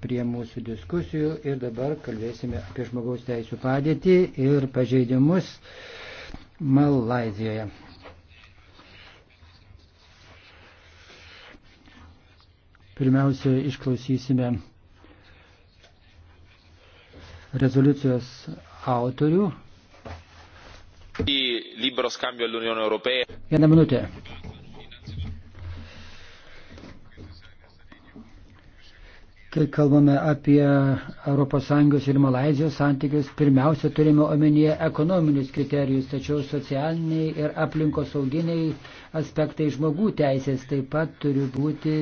prie mūsų diskusijų ir dabar kalbėsime apie žmogaus teisų padėtį ir pažeidimus Malazijoje. Pirmiausia, išklausysime rezoliucijos autorių. Vieną minutę. Kai kalbame apie ES ir Malazijos santykius, pirmiausia turime omenyje ekonominius kriterijus, tačiau socialiniai ir aplinkosauginiai aspektai žmogų teisės taip pat turi būti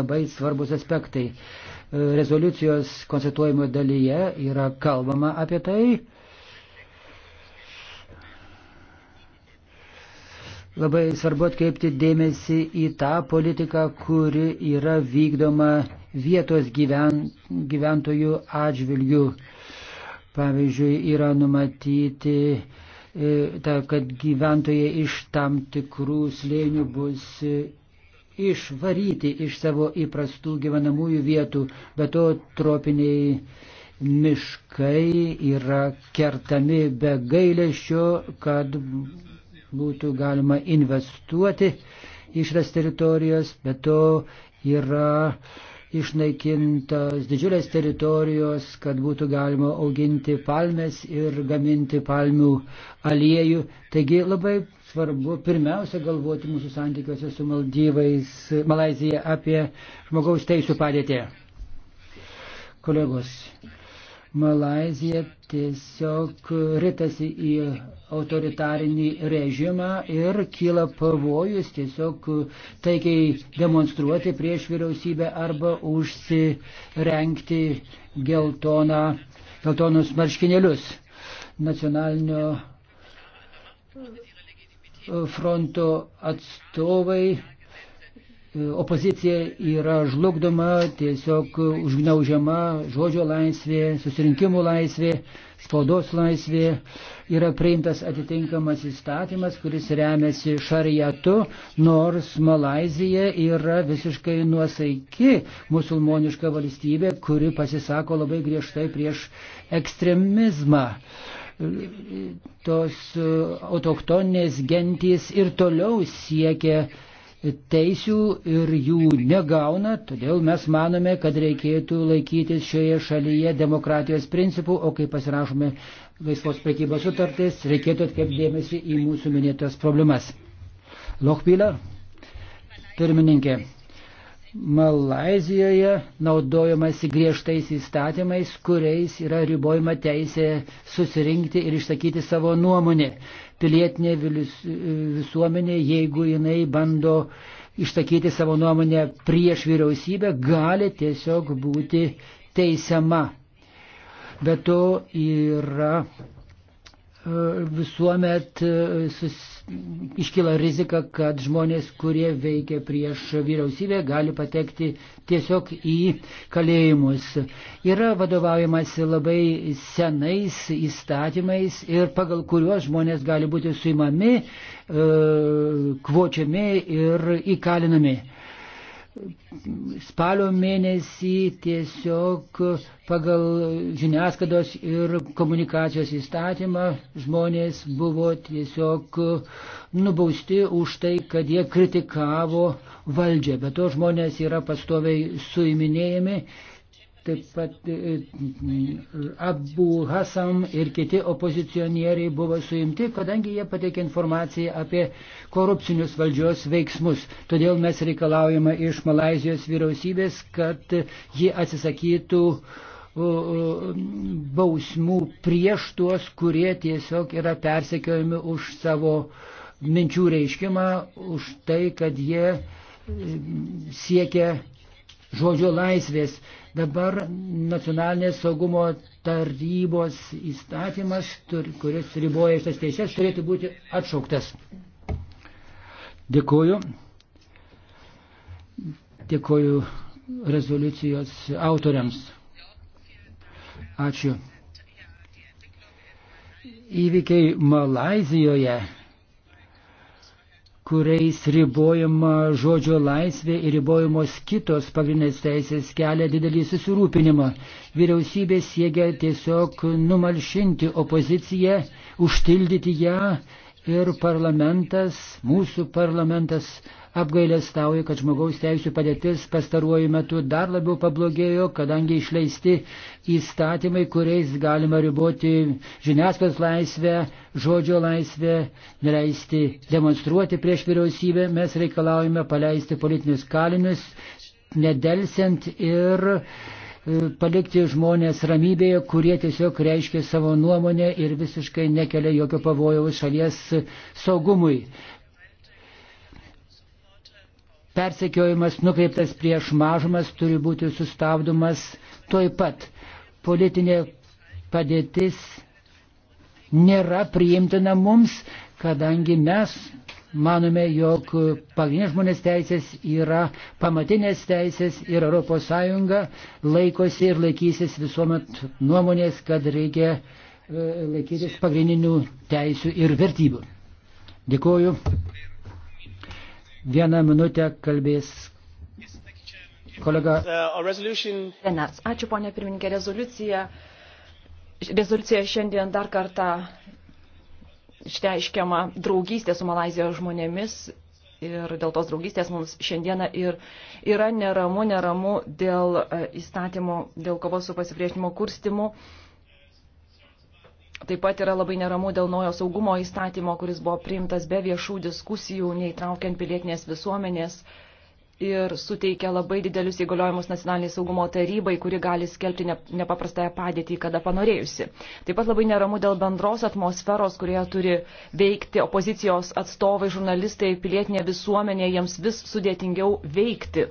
labai svarbus aspektai. Rezoliucijos konstatuojimo dalyje yra kalbama apie tai, Labai svarbu atkreipti dėmesį į tą politiką, kuri yra vykdoma vietos gyven, gyventojų atžvilgių. Pavyzdžiui, yra numatyti, e, ta, kad gyventojai iš tam tikrų slėnių bus e, išvaryti iš savo įprastų gyvenamųjų vietų, bet to tropiniai miškai yra kertami be gailėšio, kad būtų galima investuoti iš tas teritorijos, bet to yra išnaikintas didžiulės teritorijos, kad būtų galima auginti palmes ir gaminti palmių aliejų. Taigi labai svarbu pirmiausia galvoti mūsų santykiuose su Maldyvais, Malazija apie žmogaus teisų padėtį. Kolegos, Malazija tiesiog ritasi į autoritarinį režimą ir kyla pavojus tiesiog taikiai demonstruoti prieš vyriausybę arba užsirenkti geltoną, geltonus marškinėlius. Nacionalinio fronto atstovai opozicija yra žlugdoma, tiesiog užgneužiama žodžio laisvė, susirinkimų laisvė, spaudos laisvė. Yra priimtas atitinkamas įstatymas, kuris remiasi šarijatu, nors Malazija yra visiškai nuosaiki musulmoniška valstybė, kuri pasisako labai griežtai prieš ekstremizmą tos autoktoninės gentys ir toliau siekia teisių ir jų negauna, todėl mes manome, kad reikėtų laikytis šioje šalyje demokratijos principų, o kai pasirašome laisvos prekybos sutartis, reikėtų atkreipti dėmesį į mūsų minėtas problemas. Lochpiller, pirmininkė. Malazijoje naudojamasi griežtais įstatymais, kuriais yra ribojama teisė susirinkti ir išsakyti savo nuomonę. Pilietinė visuomenė, jeigu jinai bando išsakyti savo nuomonę prieš vyriausybę, gali tiesiog būti teisiama. Bet to yra visuomet e, sus, iškyla rizika, kad žmonės, kurie veikia prieš vyriausybę, gali patekti tiesiog į kalėjimus. Yra vadovaujamasi labai senais įstatymais ir pagal kuriuos žmonės gali būti suimami, e, kvočiami ir įkalinami spalio mėnesį tiesiog pagal žiniasklaidos ir komunikacijos įstatymą žmonės buvo tiesiog nubausti už tai, kad jie kritikavo valdžią. Bet to žmonės yra pastoviai suiminėjami Taip pat e, e, Abu Hasam ir kiti opozicionieriai buvo suimti, kadangi jie pateikė informaciją apie korupcinius valdžios veiksmus. Todėl mes reikalaujame iš Malazijos vyriausybės, kad ji atsisakytų bausmų prieš tuos, kurie tiesiog yra persekiojami už savo minčių reiškimą, už tai, kad jie e, siekia žodžio laisvės. Dabar nacionalinės saugumo tarybos įstatymas, kuris riboja šitas teisės, turėtų būti atšauktas. Dėkuoju. Dėkuoju rezoliucijos autoriams. Ačiū. Įvykiai Malazijoje kuriais ribojama žodžio laisvė ir ribojamos kitos pagrindinės teisės kelia didelį susirūpinimą. Vyriausybė siekia tiesiog numalšinti opoziciją, užtildyti ją, ir parlamentas, mūsų parlamentas apgailestauja, kad žmogaus teisų padėtis pastaruoju metu dar labiau pablogėjo, kadangi išleisti įstatymai, kuriais galima riboti žiniasklaidos laisvę, žodžio laisvę, neleisti demonstruoti prieš vyriausybę, mes reikalaujame paleisti politinius kalinius, nedelsiant ir palikti žmonės ramybėje, kurie tiesiog reiškia savo nuomonę ir visiškai nekelia jokio pavojaus šalies saugumui. Persekiojimas nukreiptas prieš mažumas turi būti sustabdomas toj pat. Politinė padėtis nėra priimtina mums, kadangi mes manome, jog pagrindinės žmonės teisės yra pamatinės teisės ir ES laikosi ir laikysis visuomet nuomonės, kad reikia e, laikytis pagrindinių teisių ir vertybių. Dėkuoju. Vieną minutę kalbės kolega. Uh, Ačiū, ponė pirmininkė, rezoliucija. Rezoliucija šiandien dar kartą išteiškiama draugystė su Malazijos žmonėmis ir dėl tos draugystės mums šiandieną ir yra neramu, neramu dėl e, įstatymo, dėl kovos su pasipriešinimo kurstimu. Taip pat yra labai neramu dėl naujo saugumo įstatymo, kuris buvo priimtas be viešų diskusijų, neįtraukiant pilietinės visuomenės. Uh, ir suteikia labai didelius įgaliojimus nacionaliniai saugumo tarybai, kuri gali skelbti nepaprastąją padėtį, kada panorėjusi. Taip pat labai neramu dėl bendros atmosferos, kurioje turi veikti opozicijos atstovai, žurnalistai, pilietinė visuomenė, jiems vis sudėtingiau veikti.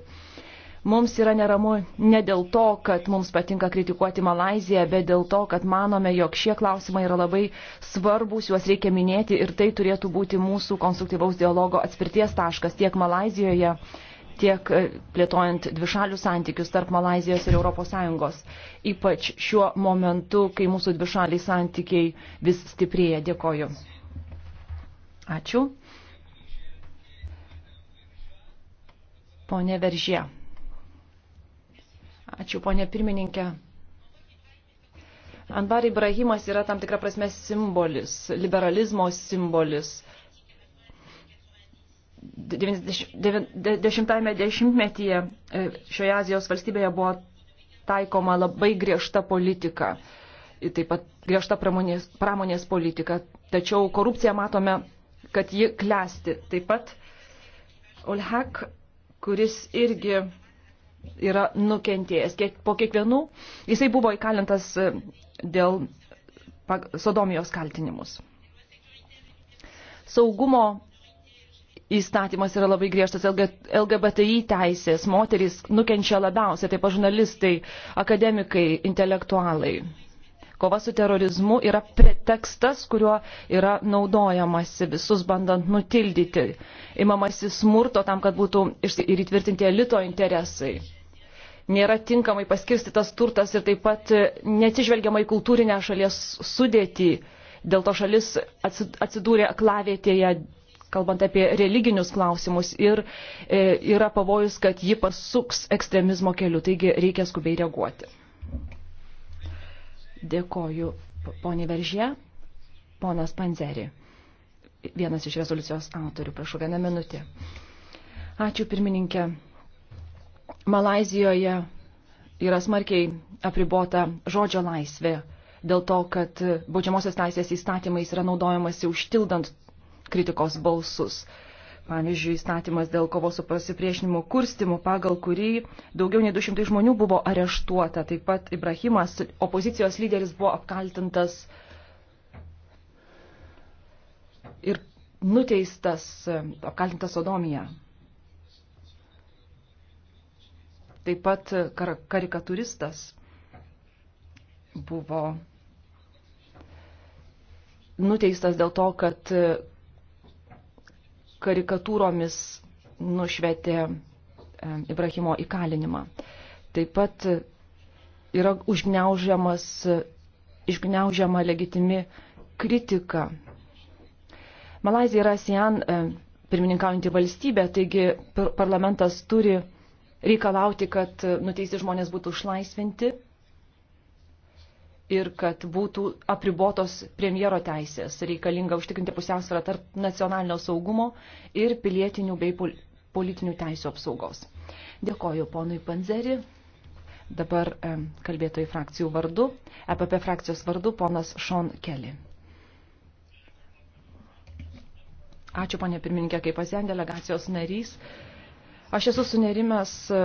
Mums yra neramu ne dėl to, kad mums patinka kritikuoti Malaziją, bet dėl to, kad manome, jog šie klausimai yra labai svarbus, juos reikia minėti ir tai turėtų būti mūsų konstruktyvaus dialogo atspirties taškas tiek Malazijoje, tiek e, plėtojant dvišalius santykius tarp Malazijos ir ES, ypač šiuo momentu, kai mūsų dvišaliai santykiai vis stiprėja. Dėkoju. Ačiū. Pone Veržė. Ačiū, ponė pirmininkė. Anbar Ibrahimas yra tam tikra prasme simbolis, liberalizmo simbolis 90-ame dešimtmetyje e, šioje Azijos valstybėje buvo taikoma labai griežta politika, taip pat griežta pramonės, pramonės politika, tačiau korupciją matome, kad ji klesti. Taip pat Olhek, kuris irgi yra nukentėjęs. Kiek, po kiekvienų jisai buvo įkalintas e, dėl sodomijos kaltinimus. Saugumo įstatymas yra labai griežtas, LGBTI teisės, moterys nukenčia labiausiai, taip pat žurnalistai, akademikai, intelektualai. Kova su terorizmu yra pretekstas, kuriuo yra naudojamasi visus bandant nutildyti, imamasi smurto tam, kad būtų ir įtvirtinti elito interesai nėra tinkamai paskirstytas turtas ir taip pat neatsižvelgiama į kultūrinę šalies sudėtį. Dėl to šalis atsidūrė klavietėje kalbant apie religinius klausimus ir e, yra pavojus, kad ji pasuks ekstremizmo keliu, taigi reikia skubiai reaguoti. Dėkoju, ponė Veržė, ponas Panzeri, vienas iš rezoliucijos autorių, prašau vieną minutę. Ačiū pirmininkė. Malazijoje yra smarkiai apribota žodžio laisvė dėl to, kad baudžiamosios teisės įstatymais yra naudojamasi užtildant kritikos balsus. Pavyzdžiui, įstatymas dėl kovos su pasipriešinimu kurstimu, pagal kurį daugiau nei 200 žmonių buvo areštuota. Taip pat Ibrahimas, opozicijos lyderis, buvo apkaltintas ir nuteistas, apkaltintas sodomija. Taip pat kar karikaturistas buvo nuteistas dėl to, kad karikatūromis nušvietė e, Ibrahimo įkalinimą. Taip pat yra užgneužiamas, išgneužiama legitimi kritika. Malazija yra ASEAN e, pirmininkaujantį valstybę, taigi parlamentas turi reikalauti, kad e, nuteisti žmonės būtų išlaisvinti ir kad būtų apribotos premjero teisės, reikalinga užtikrinti pusiausvyrą tarp nacionalinio saugumo ir pilietinių bei politinių teisų apsaugos. Dėkoju ponui Panzeri. Dabar e, kalbėtojų frakcijų vardu, EPP frakcijos vardu ponas Šon Keli. Ačiū, ponė pirmininkė, kaip pasien delegacijos narys. Aš esu sunerimęs e,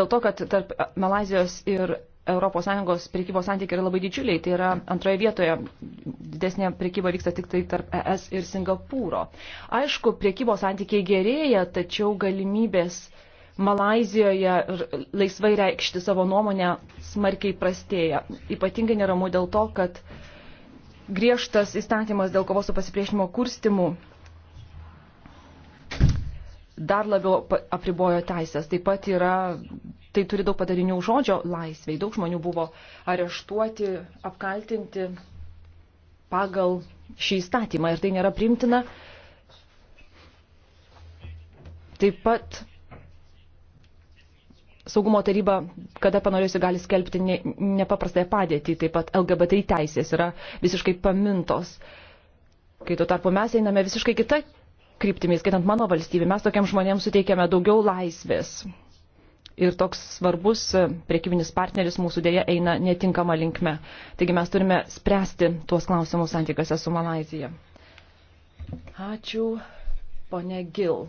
dėl to, kad tarp Malazijos ir ES prekybos santykiai yra labai didžiuliai. Tai yra antroje vietoje didesnė prekyba vyksta tik tai tarp ES ir Singapūro. Aišku, prekybos santykiai gerėja, tačiau galimybės Malazijoje laisvai reikšti savo nuomonę smarkiai prastėja. Ypatingai neramu dėl to, kad griežtas įstatymas dėl kovos su pasipriešinimo kurstimu dar labiau apribojo teisės. Taip pat yra tai turi daug padarinių žodžio laisviai. Daug žmonių buvo areštuoti, apkaltinti pagal šį įstatymą ir tai nėra primtina. Taip pat saugumo taryba, kada panorėjusi, gali skelbti ne, nepaprastąją padėtį, taip pat LGBT teisės yra visiškai pamintos. Kai tuo tarpu mes einame visiškai kitą kryptimį, skaitant mano valstybę, mes tokiam žmonėms suteikėme daugiau laisvės, ir toks svarbus priekybinis partneris mūsų dėja eina netinkama linkme. Taigi mes turime spręsti tuos klausimus santykiuose su Malazija. Ačiū, ponė Gil.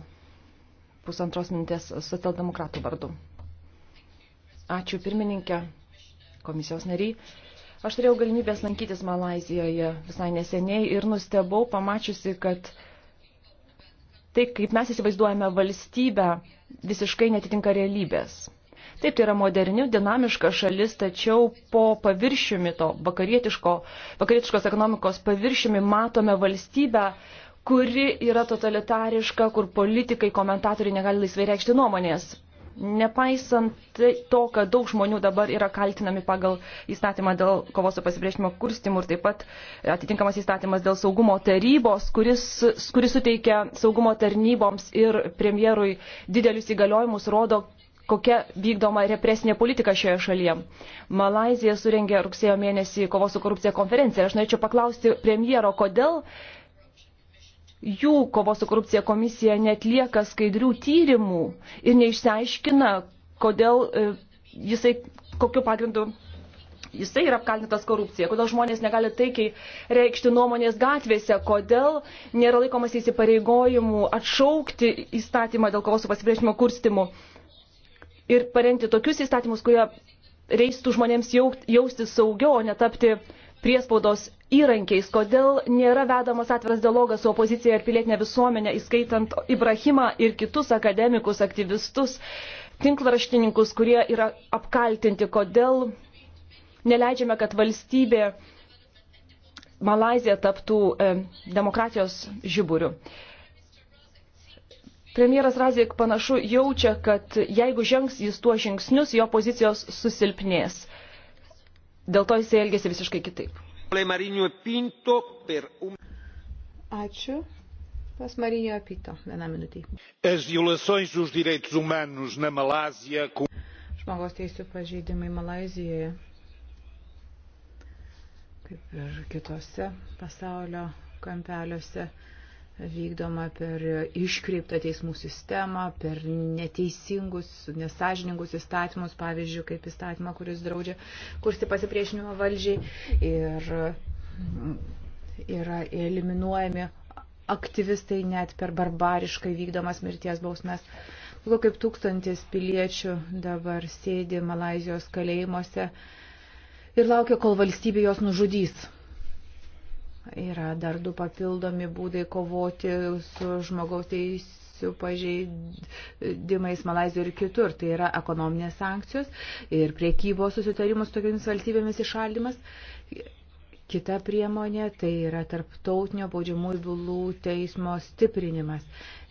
Pusantros mintės socialdemokratų vardu. Ačiū pirmininkė, komisijos nariai. Aš turėjau galimybės lankytis Malazijoje visai neseniai ir nustebau pamačiusi, kad tai, kaip mes įsivaizduojame valstybę, visiškai netitinka realybės. Taip, tai yra moderni, dinamiška šalis, tačiau po paviršiumi to vakarietiško, vakarietiškos ekonomikos paviršiumi matome valstybę, kuri yra totalitariška, kur politikai, komentatoriai negali laisvai reikšti nuomonės. Nepaisant to, kad daug žmonių dabar yra kaltinami pagal įstatymą dėl kovos su pasipriešinimo kurstimu ir taip pat atitinkamas įstatymas dėl saugumo tarybos, kuris, kuris suteikia saugumo tarnyboms ir premjerui didelius įgaliojimus, rodo, kokia vykdoma represinė politika šioje šalyje. Malazija surengė rugsėjo mėnesį kovos su korupcija konferenciją. Aš norėčiau paklausti premjero, kodėl jų kovos su korupcija komisija netlieka skaidrių tyrimų ir neišsiaiškina, kodėl e, jisai, kokiu pagrindu jisai yra apkaltintas korupcija, kodėl žmonės negali taikiai reikšti nuomonės gatvėse, kodėl nėra laikomas įsipareigojimų atšaukti įstatymą dėl kovos su pasipriešinimo kurstimu ir parengti tokius įstatymus, kurie reistų žmonėms jaustis saugiau, o netapti priespaudos įrankiais, kodėl nėra vedamas atviras dialogas su opozicija ir pilietinė visuomenė, įskaitant Ibrahimą ir kitus akademikus, aktyvistus, tinklaraštininkus, kurie yra apkaltinti, kodėl neleidžiame, kad valstybė Malazija taptų e, demokratijos žiburiu. Premjeras Razik panašu jaučia, kad jeigu žengs jis tuo žingsnius, jo pozicijos susilpnės. Dėl to jis elgėsi visiškai kitaip. Ačiū. Pas Marinho Apito, vieną minutį. Žmogaus teisų pažeidimai Malazijoje, kaip ir kitose pasaulio kampeliuose, vykdoma per iškreiptą teismų sistemą, per neteisingus, nesažiningus įstatymus, pavyzdžiui, kaip įstatymą, kuris draudžia kursti pasipriešinimą valdžiai ir mm, yra eliminuojami aktyvistai net per barbariškai vykdomas mirties bausmes. Daugiau kaip tūkstantis piliečių dabar sėdi Malazijos kalėjimuose ir laukia, kol valstybė jos nužudys. Yra dar du papildomi būdai kovoti su žmogaus teisų pažeidimais Malazijoje ir kitur. Tai yra ekonominės sankcijos ir priekybos susitarimus tokiamis valstybėmis išaldymas. Kita priemonė tai yra tarptautinio baudžiamųjų bylų teismo stiprinimas.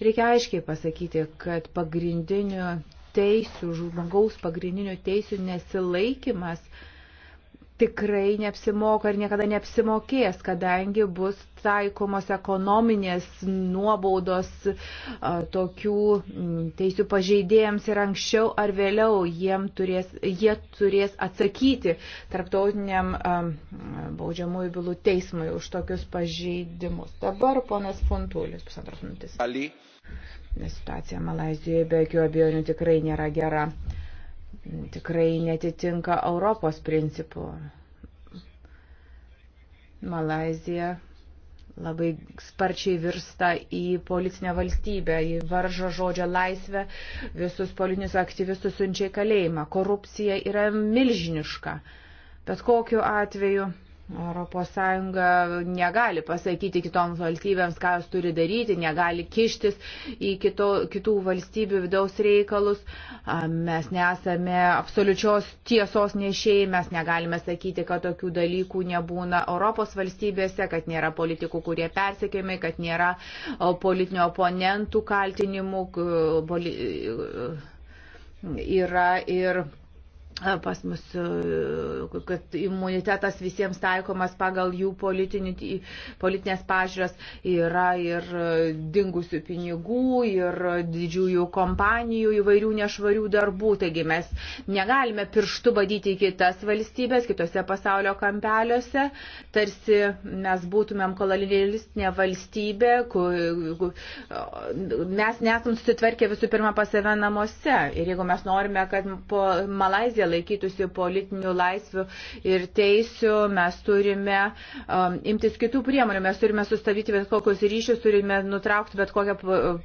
Reikia aiškiai pasakyti, kad pagrindinių teisų, žmogaus pagrindinių teisų nesilaikimas uh, tikrai neapsimoka ir niekada neapsimokės, kadangi bus taikomos ekonominės nuobaudos tokių teisių pažeidėjams ir anksčiau ar vėliau turės, jie turės atsakyti tarptautiniam baudžiamųjų bylų teismui už tokius pažeidimus. Dabar ponas Funtulis, pusantros minutės. Situacija Malazijoje be jokių abejonių tikrai nėra gera tikrai netitinka Europos principų. Malazija labai sparčiai virsta į policinę valstybę, į varžo žodžio laisvę, visus politinius aktyvistus sunčiai kalėjimą. Korupcija yra milžiniška. Bet kokiu atveju ES negali pasakyti kitoms valstybėms, ką jos turi daryti, negali kištis į kito, kitų valstybių vidaus reikalus. Mes nesame absoliučios tiesos nešėjai, mes negalime sakyti, kad tokių dalykų nebūna Europos valstybėse, kad nėra politikų, kurie persekėmi, kad nėra politinio oponentų kaltinimų. Yra ir pas mus, e, kad imunitetas visiems taikomas pagal jų politinės pažiūros, yra ir e, dingusių pinigų, ir didžiųjų kompanijų įvairių nešvarių darbų. Taigi mes negalime pirštų badyti į kitas valstybės, kitose pasaulio kampeliuose, tarsi mes būtumėm kolonialistinė valstybė, kur mes nesam susitvarkę visų pirma pas save namuose. Ir jeigu mes norime, kad po Malaizija laikytųsi politinių laisvių ir teisių, mes turime um, imtis kitų priemonių, mes turime sustabdyti bet kokius ryšius, turime nutraukti bet kokią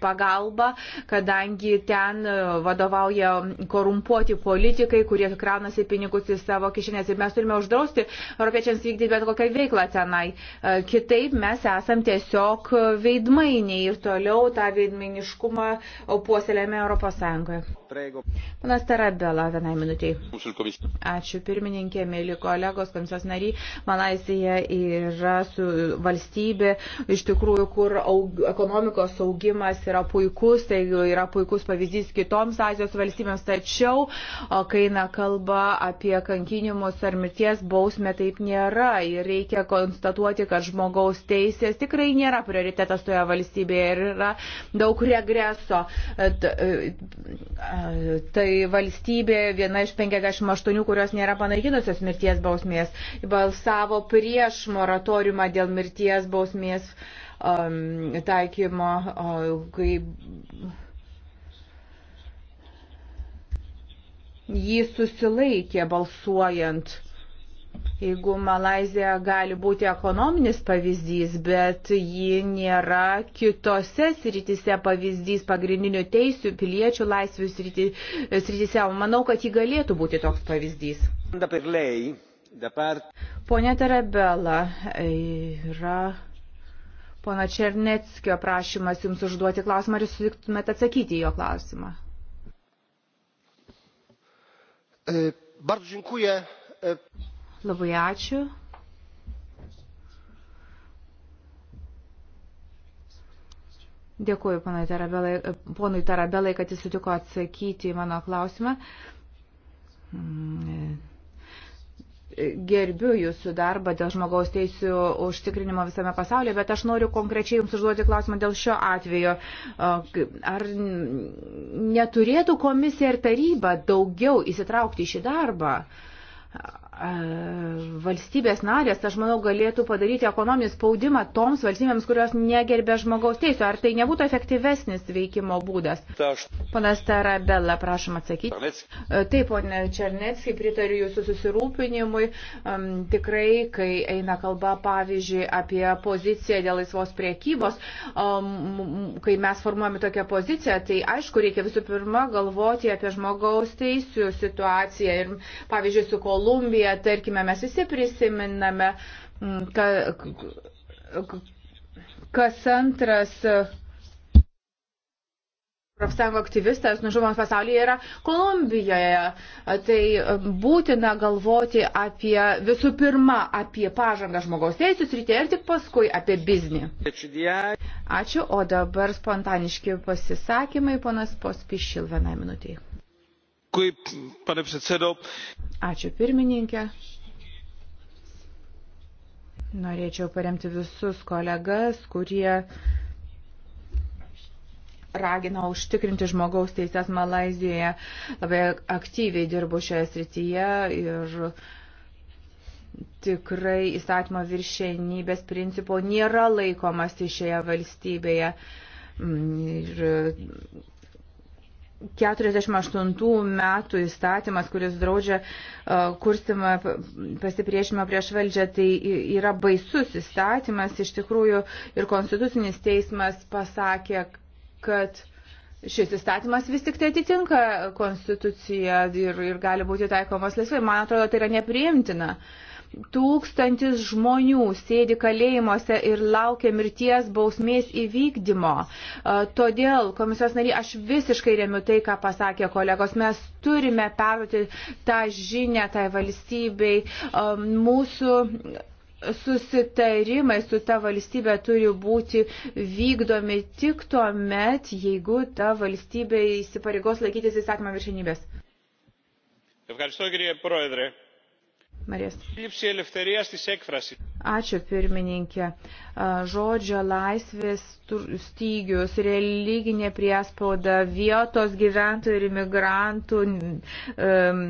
pagalbą, kadangi ten uh, vadovauja korumpuoti politikai, kurie kraunasi pinigus į savo kišenės ir mes turime uždrausti europiečiams vykdyti bet kokią veiklą tenai. Uh, kitaip mes esam tiesiog veidmainiai ir toliau tą veidmainiškumą puoselėme Europos Sąjungoje. Panas Tarabela, vienai minutiai. Ačiū pirmininkė, mėly kolegos, komisijos nariai. Malaisija yra valstybė, iš tikrųjų, kur aug, ekonomikos augimas yra puikus, tai yra puikus pavyzdys kitoms Azijos valstybėms, tačiau, kai eina kalba apie kankinimus ar mirties bausmę, taip nėra. Ir reikia konstatuoti, kad žmogaus teisės tikrai nėra prioritetas toje valstybėje ir yra daug regreso. E, e, tai valstybė viena iš penkiasdešimt 58, kurios nėra panaikinusios mirties bausmės, balsavo prieš moratoriumą dėl mirties bausmės um, taikymo, um, kai jį susilaikė balsuojant Jeigu Malazija gali būti ekonominis pavyzdys, bet ji nėra kitose sritise pavyzdys pagrindinių teisių, piliečių laisvių sritise, manau, kad ji galėtų būti toks pavyzdys. Pone Tarabela, yra pono Černetskio prašymas jums užduoti klausimą, ar jūs sutiktumėte atsakyti į jo klausimą. E, bardzo dziękuję. E... Labai ačiū. Dėkuoju Tarabelai, ponui Tarabelai, kad jis sutiko atsakyti į mano klausimą. Gerbiu jūsų darbą dėl žmogaus teisų užtikrinimo visame pasaulyje, bet aš noriu konkrečiai jums užduoti klausimą dėl šio atvejo. Ar neturėtų komisija ir taryba daugiau įsitraukti į šį darbą? Uh, valstybės narės, aš manau, galėtų padaryti ekonominį spaudimą toms valstybėms, kurios negerbė žmogaus teisų. Ar tai nebūtų efektyvesnis veikimo būdas? Panas Tarabella, prašom atsakyti. Taip, ponė Černetski, pritariu jūsų susirūpinimui. Um, tikrai, kai eina kalba, pavyzdžiui, apie poziciją dėl laisvos priekybos, um, kai mes formuojame tokią poziciją, tai aišku, reikia visų pirma galvoti apie žmogaus teisų situaciją. Ir, pavyzdžiui, su kol Kolumbija, tarkime, mes visi prisiminame, mm, ka, kas antras profsąjungo aktyvistas nužudomas pasaulyje yra Kolumbijoje. Tai būtina galvoti apie visų pirma apie pažangą žmogaus teisų srityje ir tik paskui apie biznį. Ačiū, o dabar spontaniški pasisakymai, ponas Pospišil, vienai minutiai pane pirmininke norėčiau paremti visus kolegas kurie ragino užtikrinti žmogaus teises malaizijoje labai aktyviai dirbo šioje srityje ir tikrai įstatymo viršenybės principo nėra laikomasi šioje valstybėje mm, ir 48 metų įstatymas, kuris draudžia e, kursimą pasipriešimą prieš valdžią, tai yra baisus įstatymas. Iš tikrųjų ir Konstitucinis teismas pasakė, kad šis įstatymas vis tik tai atitinka Konstituciją ir, ir gali būti taikomas laisvai. Man atrodo, tai yra nepriimtina. Uh, Tūkstantis žmonių sėdi kalėjimuose ir laukia mirties bausmės įvykdymo. Todėl, komisijos nariai, aš visiškai remiu tai, ką pasakė kolegos. Mes turime perduoti tą žinę tai valstybei. Mūsų susitarimai su ta valstybė turi būti vykdomi tik tuo met, jeigu ta valstybė įsipareigos laikytis įsakymą viršinybės. Ευχαριστώ κύριε Πρόεδρε narės. Ačiū pirmininkė. Žodžio laisvės stygius, religinė priespauda, vietos gyventojų ir imigrantų um,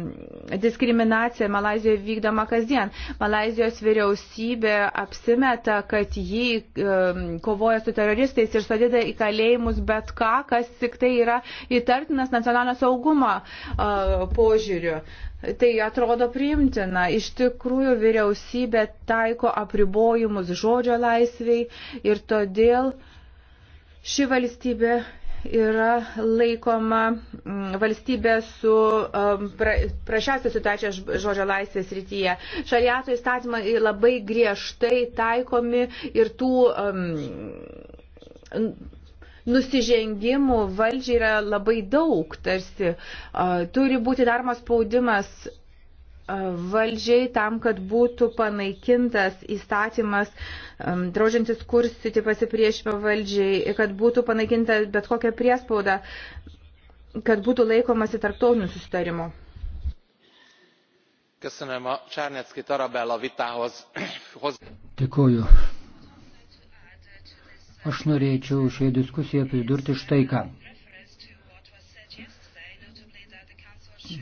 diskriminacija Malazijoje vykdoma kasdien. Malazijos vyriausybė apsimeta, kad ji um, kovoja su teroristais ir sudeda į kalėjimus bet ką, kas tik tai yra įtartinas nacionalinio saugumo uh, požiūriu. Tai atrodo priimtina. Iš tikrųjų vyriausybė taiko apribojimus žodžio laisviai ir todėl ši valstybė yra laikoma mm, valstybė su um, pra, prašiausia situacija žodžio laisvės rytyje. Šariato įstatymai labai griežtai taikomi ir tų um, nusižengimų valdžiai yra labai daug, tarsi uh, turi būti daromas spaudimas valdžiai tam, kad būtų panaikintas įstatymas draužiantis kursyti pasipriešimą valdžiai, kad būtų panaikinta bet kokia priespauda, kad būtų laikomasi tarptautinių susitarimų. Dėkuoju. Aš norėčiau šioje diskusijoje pridurti štai ką.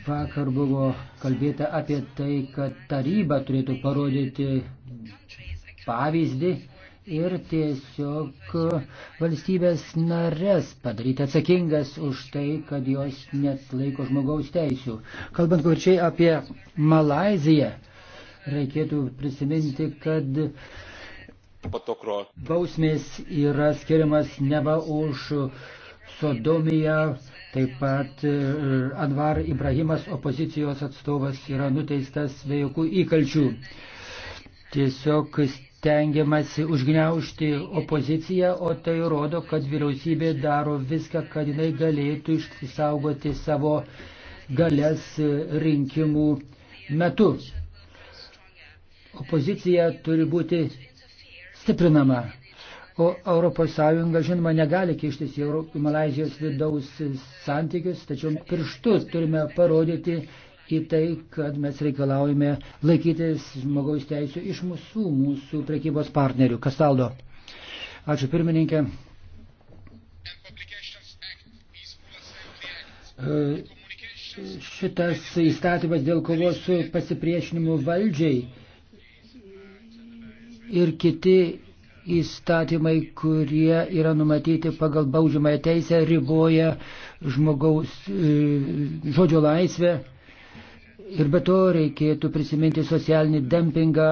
Vakar buvo kalbėta apie tai, kad taryba turėtų parodyti pavyzdį ir tiesiog valstybės narės padaryti atsakingas už tai, kad jos net laiko žmogaus teisių. Kalbant kurčiai apie Malaziją, reikėtų prisiminti, kad bausmės yra skiriamas neva už Sodomija, taip pat e, Anvar Ibrahimas, opozicijos atstovas, yra nuteistas be jokių įkalčių. Tiesiog stengiamasi užgneušti opoziciją, o tai rodo, kad vyriausybė daro viską, kad jinai galėtų išsaugoti savo galės e, rinkimų metu. Opozicija turi būti stiprinama. O ES žinoma negali kištis į Europų, Malazijos vidaus santykius, tačiau pirštus turime parodyti į tai, kad mes reikalaujame laikytis žmogaus teisų iš mūsų, mūsų prekybos partnerių. Kastaldo. Ačiū pirmininkė. E, šitas įstatymas dėl kovos su pasipriešinimu valdžiai ir kiti įstatymai, kurie yra numatyti pagal baudžiamąją teisę, riboja žmogaus e, žodžio laisvę. Ir be to reikėtų prisiminti socialinį dempingą,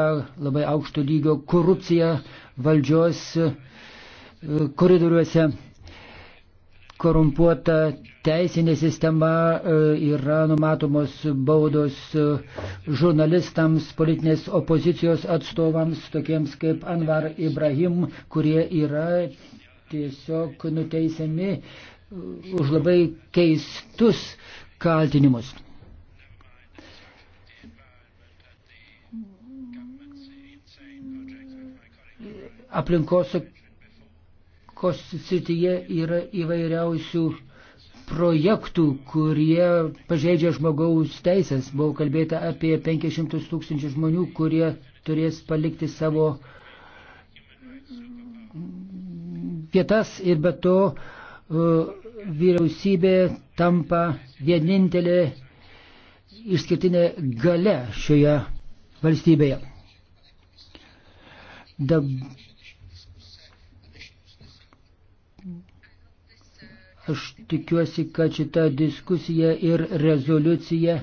labai aukšto lygio korupciją valdžios e, koridoriuose korumpuota teisinė sistema, e, yra numatomos baudos e, žurnalistams, politinės opozicijos atstovams, tokiems kaip Anvar Ibrahim, kurie yra tiesiog nuteisiami e, už labai keistus kaltinimus. Aplinkos Ekonomikos srityje yra įvairiausių projektų, kurie pažeidžia žmogaus teisės. Buvo kalbėta apie 500 tūkstančių žmonių, kurie turės palikti savo vietas ir be to e, vyriausybė tampa vienintelė išskirtinė gale šioje valstybėje. Dabar Aš tikiuosi, kad šita diskusija ir rezoliucija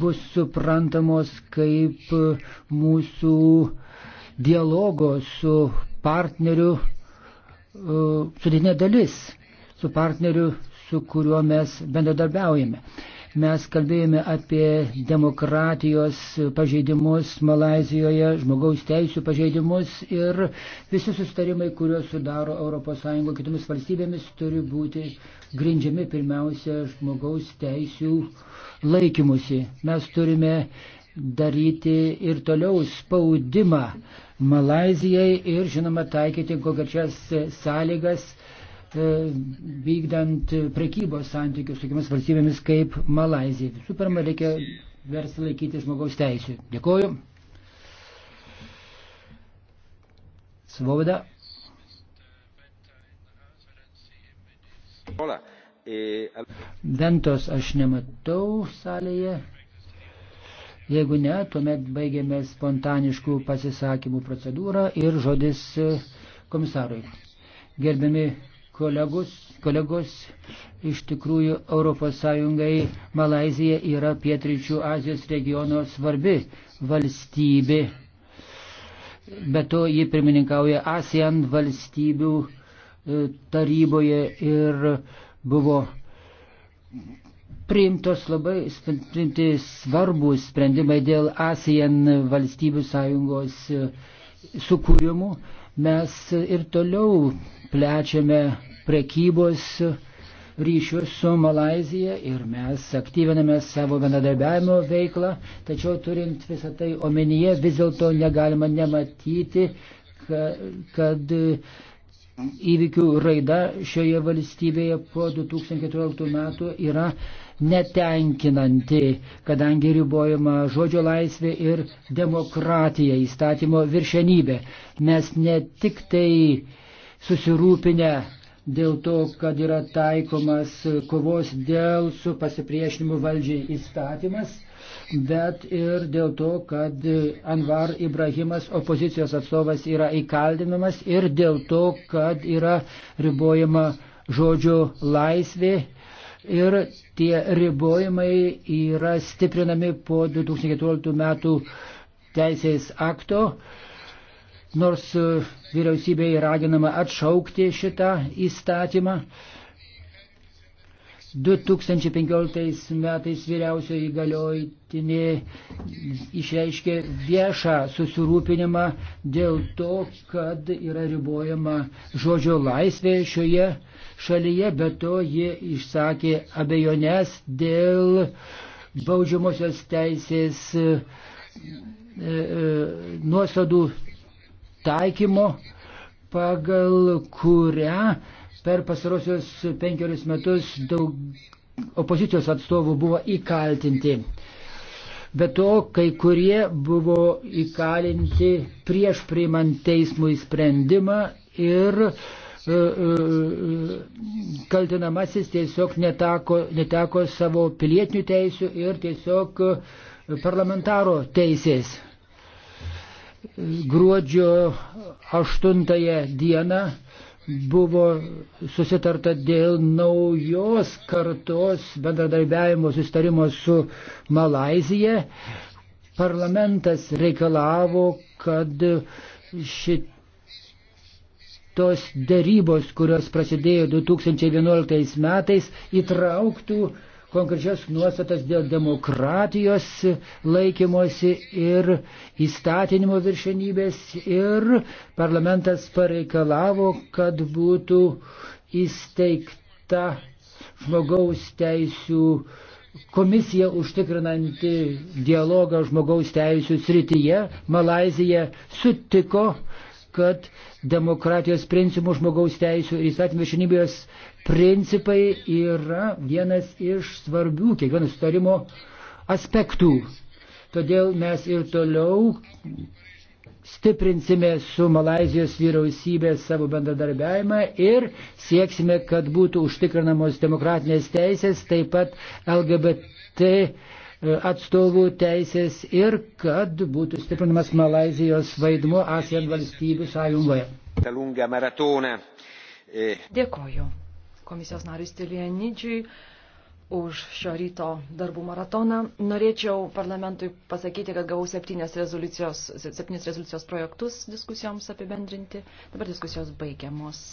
bus suprantamos kaip mūsų dialogo su partneriu e, sudėtinė dalis, su partneriu, su kuriuo mes bendradarbiaujame. Mes kalbėjome apie demokratijos pažeidimus Malazijoje, žmogaus teisų pažeidimus ir visi sustarimai, kuriuos sudaro ES kitomis valstybėmis, turi būti grindžiami pirmiausia žmogaus teisų laikymusi. Mes turime daryti ir toliau spaudimą Malazijai ir, žinoma, taikyti kokias sąlygas E, vykdant prekybos santykius su tokiamis valstybėmis kaip Malazija. Visų pirma, reikia versti laikyti žmogaus teisų. Dėkoju. Svoboda. E, Ventos aš nematau salėje. Jeigu ne, tuomet baigėme spontaniškų pasisakymų procedūrą ir žodis e, komisarui. Gerbiami kolegos, kolegos, iš tikrųjų ES Malazija yra pietryčių Azijos regiono svarbi valstybė. Be to, ji pirmininkauja ASEAN valstybių e, taryboje ir buvo priimtos labai priimti svarbus sprendimai dėl ASEAN valstybių sąjungos e, sukūrimų. Mes ir toliau plečiame prekybos ryšius su Malazija ir mes aktyviname savo bendradarbiavimo veiklą, tačiau turint visą tai omenyje, vis dėlto negalima nematyti, kad įvykių raida šioje valstybėje po 2014 metų yra netenkinanti, kadangi ribojama žodžio laisvė ir demokratija, įstatymo viršenybė. Mes ne tik tai susirūpinę dėl to, kad yra taikomas kovos dėl su pasipriešinimu valdžiai įstatymas, bet ir dėl to, kad Anvar Ibrahimas, opozicijos atstovas, yra įkaldinamas ir dėl to, kad yra ribojama žodžio laisvė. Ir tie ribojimai yra stiprinami po 2014 metų teisės akto. Nors e, vyriausybė raginama atšaukti šitą įstatymą, 2015 metais vyriausioji įgaliojotinė išreiškė viešą susirūpinimą dėl to, kad yra ribojama žodžio laisvė šioje šalyje, bet to ji išsakė abejonės dėl baudžiamosios teisės e, e, nuosodų taikymo, pagal kurią per pasarosius penkerius metus daug opozicijos atstovų buvo įkaltinti. Be to, kai kurie buvo įkalinti prieš priimant teismų įsprendimą ir uh, kaltinamasis tiesiog neteko, neteko savo pilietinių teisių ir tiesiog e, parlamentaro teisės gruodžio 8 dieną buvo susitarta dėl naujos kartos bendradarbiavimo sustarimo su Malazija. Parlamentas reikalavo, kad šitos dėrybos, kurios prasidėjo 2011 metais, įtrauktų konkrečias nuostatas dėl demokratijos laikymosi ir įstatymo viršenybės ir parlamentas pareikalavo, kad būtų įsteigta žmogaus teisų komisija užtikrinanti dialogą žmogaus teisų srityje. Malazija sutiko, kad demokratijos principų žmogaus teisų ir įstatymų viršinybės principai yra vienas iš svarbių kiekvieno sutarimo aspektų. Todėl mes ir toliau stiprinsime su Malazijos vyriausybė savo bendradarbiavimą ir sieksime, kad būtų užtikrinamos demokratinės teisės, taip pat LGBT e, atstovų teisės ir kad būtų stiprinamas Malazijos vaidmuo ASEAN valstybių sąjungoje. E. Dėkoju komisijos nariui Stilienidžiui už šio ryto darbų maratoną. Norėčiau parlamentui pasakyti, kad gavau septynias rezoliucijos, septynis rezoliucijos projektus diskusijoms apibendrinti. Dabar diskusijos baigiamos.